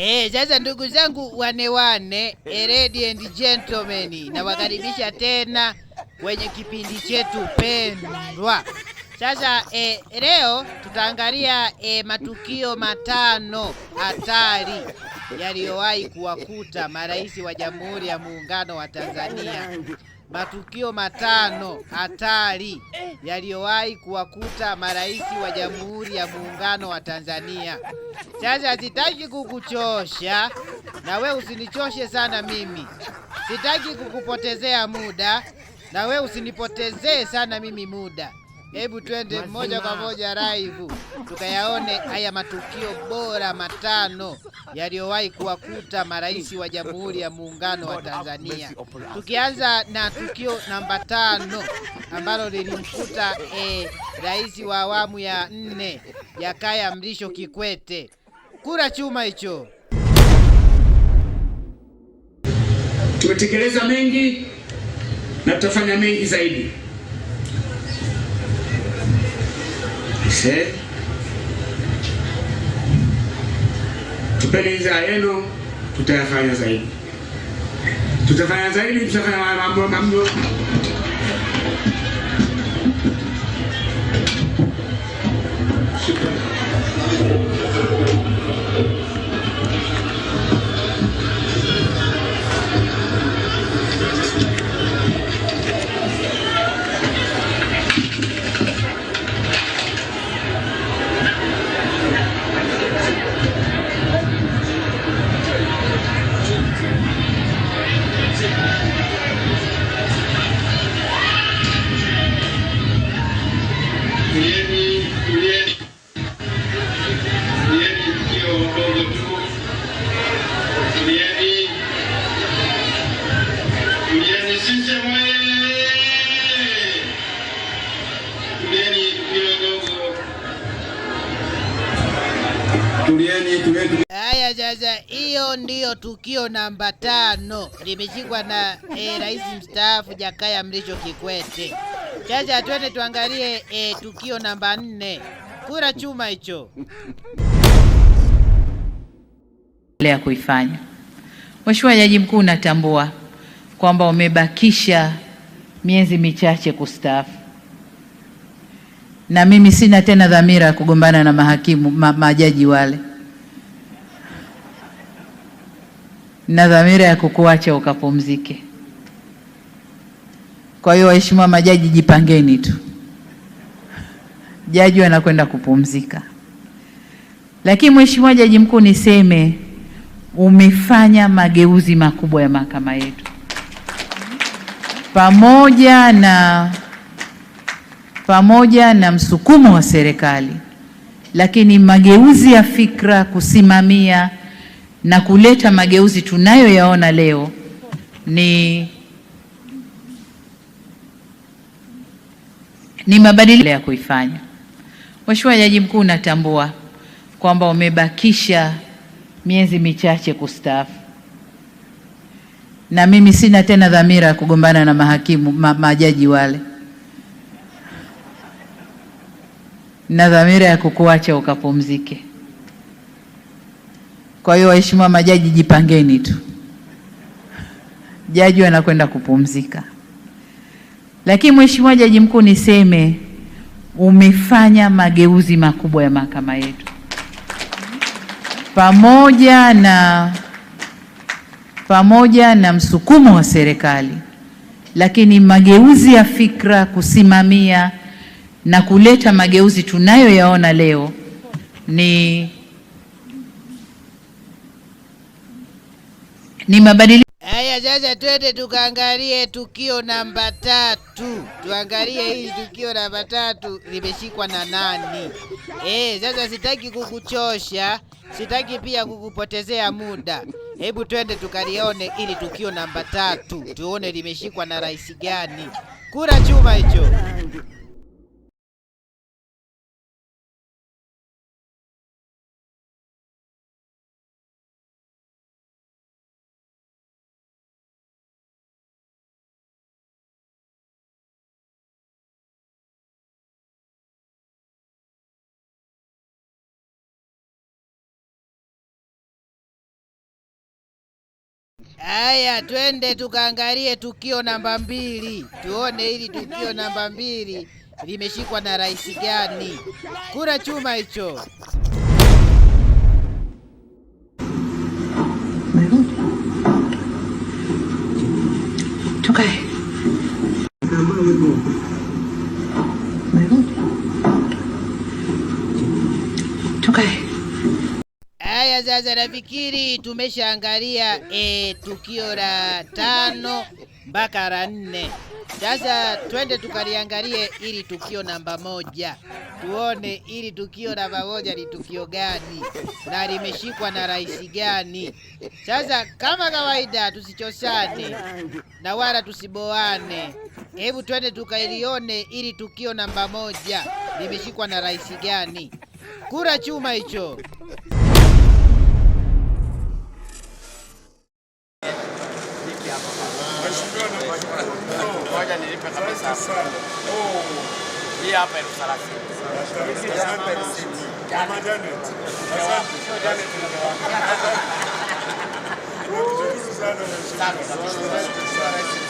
Eh, sasa ndugu zangu wane wane, ladies and gentlemen, nawakaribisha tena kwenye kipindi chetu pendwa. Sasa eh, leo tutaangalia eh, matukio matano hatari yaliyowahi kuwakuta marais wa Jamhuri ya Muungano wa Tanzania matukio matano hatari yaliyowahi kuwakuta marais wa Jamhuri ya Muungano wa Tanzania. Sasa sitaki kukuchosha na we usinichoshe sana mimi, sitaki kukupotezea muda na we usinipotezee sana mimi muda. Hebu twende moja kwa moja raivu tukayaone haya matukio bora matano yaliyowahi kuwakuta marais wa Jamhuri ya Muungano wa Tanzania, tukianza na tukio namba tano ambalo lilimkuta eh, rais wa awamu ya nne Jakaya Mrisho Kikwete. Kura chuma hicho. Tumetekeleza mengi na tutafanya mengi zaidi. He tupeni idhaa yenu, tutayafanya zaidi, tutafanya zaidi, tutafanya mambo mambo Super. Tulieni, tulieni. Haya sasa, hiyo ndiyo tukio namba tano limeshikwa na eh, rais mstaafu Jakaya Mrisho Kikwete. Sasa twende tuangalie eh, tukio namba nne, kura chuma hicho lea kuifanya. Mheshimiwa Jaji Mkuu, natambua kwamba umebakisha miezi michache kustaafu na mimi sina tena dhamira ya kugombana na mahakimu ma, majaji wale, na dhamira ya kukuacha ukapumzike. Kwa hiyo waheshimiwa majaji, jipangeni tu, jaji anakwenda kupumzika. Lakini mheshimiwa jaji mkuu, niseme umefanya mageuzi makubwa ya mahakama yetu pamoja na pamoja na msukumo wa serikali, lakini mageuzi ya fikra, kusimamia na kuleta mageuzi tunayoyaona leo ni ni mabadiliko ya kuifanya. Mheshimiwa Jaji Mkuu, natambua kwamba umebakisha miezi michache kustaafu, na mimi sina tena dhamira ya kugombana na mahakimu ma, majaji wale. na dhamira ya kukuacha ukapumzike. Kwa hiyo waheshimiwa majaji, jipangeni tu, jaji anakwenda kupumzika. Lakini mheshimiwa jaji mkuu, niseme umefanya mageuzi makubwa ya mahakama yetu, pamoja na pamoja na msukumo wa serikali, lakini mageuzi ya fikra, kusimamia na kuleta mageuzi tunayoyaona leo ni, ni mabadiliko haya. Sasa twende tukaangalie tukio namba tatu, tuangalie hili tukio namba tatu limeshikwa na nani? Eh, sasa sitaki kukuchosha, sitaki pia kukupotezea muda. Hebu twende tukalione ili tukio namba tatu, tuone limeshikwa na rais gani. Kura chuma hicho. Aya, twende tukaangalie tukio namba mbili, tuone hili tukio namba mbili limeshikwa na rais gani? Kura chuma hicho. Tukae. Baraza la Fikiri tumeshaangalia e, tukio la tano mpaka la nne. Sasa twende tukaliangalie ili tukio namba moja, tuone ili tukio namba moja ni tukio gani na limeshikwa na rais gani. Sasa kama kawaida, tusichosane na wala tusiboane. Hebu twende tukalione ili tukio namba moja limeshikwa na rais gani. Kura chuma hicho. Sasa oh. Hii hapa elfu thelathini. Kama Janet. Sasa Janet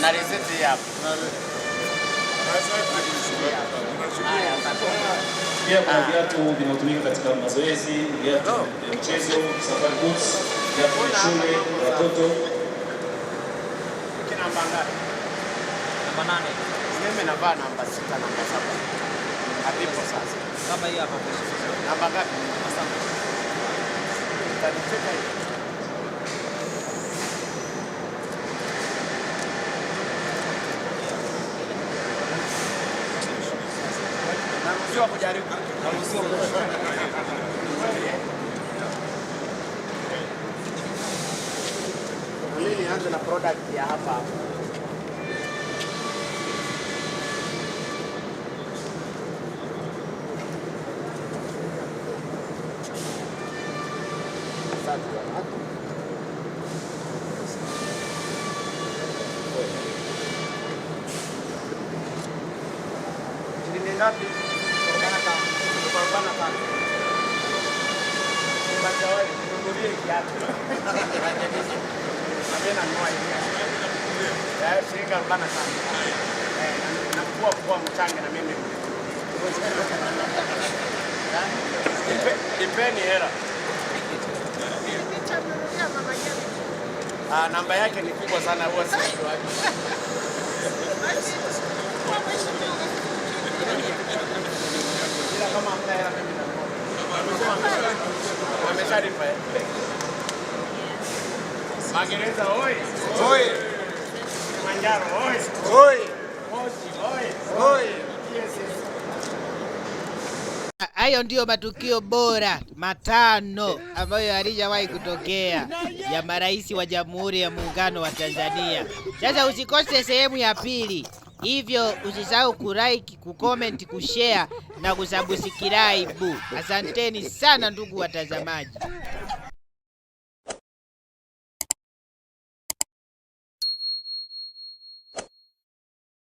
na reseti hapa. Pia kuna viatu vinavyotumika katika mazoezi, viatu vya mchezo, safari boots, viatu vya shule, watoto. Kina mbangari. namba nane. Mimi navaa namba sita, namba saba. Havipo sasa. Kama hii hapa kesho. Namba ngapi? Namba saba. Utanicheka hiyo. Mimi nianze na product ya hapa. ngapi? shilingi arobaini na tano nakuwa eh, kuwa mchange na mimi nipeni hela. Ah, namba yake ni kubwa sana huwa Magereza Hayo ndiyo matukio bora matano ambayo halijawahi kutokea ya marais wa Jamhuri ya Muungano wa Tanzania. Sasa usikose sehemu ya pili. Hivyo usisahau kuraiki, kukomenti, kushare na kusubscribe. Asanteni sana ndugu watazamaji.